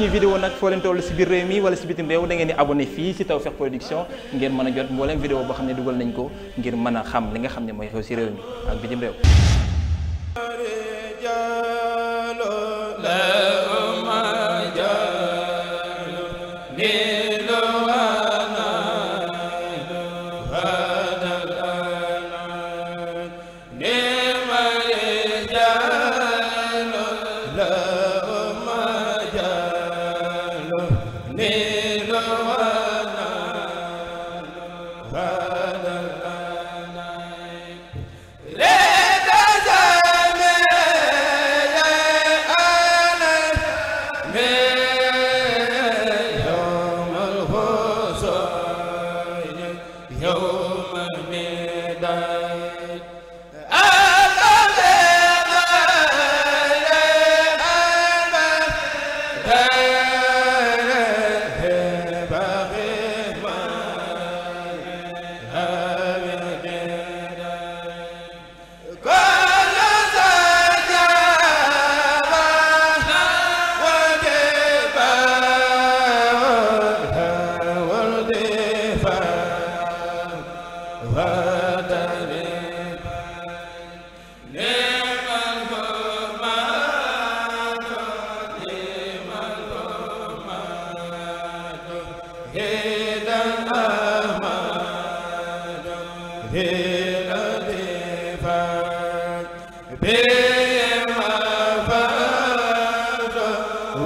suñuy vidéo nag foo toll si biir réew mi wala si bitim réew da ngeen di abonné fii si Tawfekh Production ngeen mën a jot mboolem vidéo boo xam ne dugal nañ ko ngir mën a xam li xam ne mooy xew si réew mi ak bitim réew.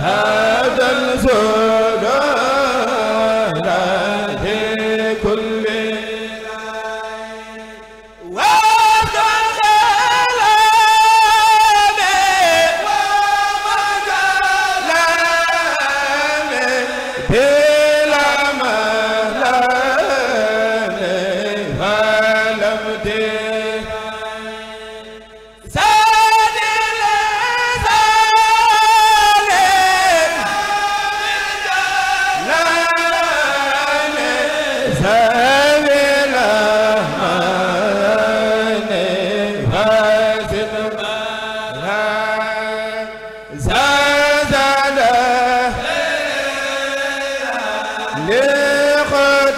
هذا الزهر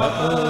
Akbar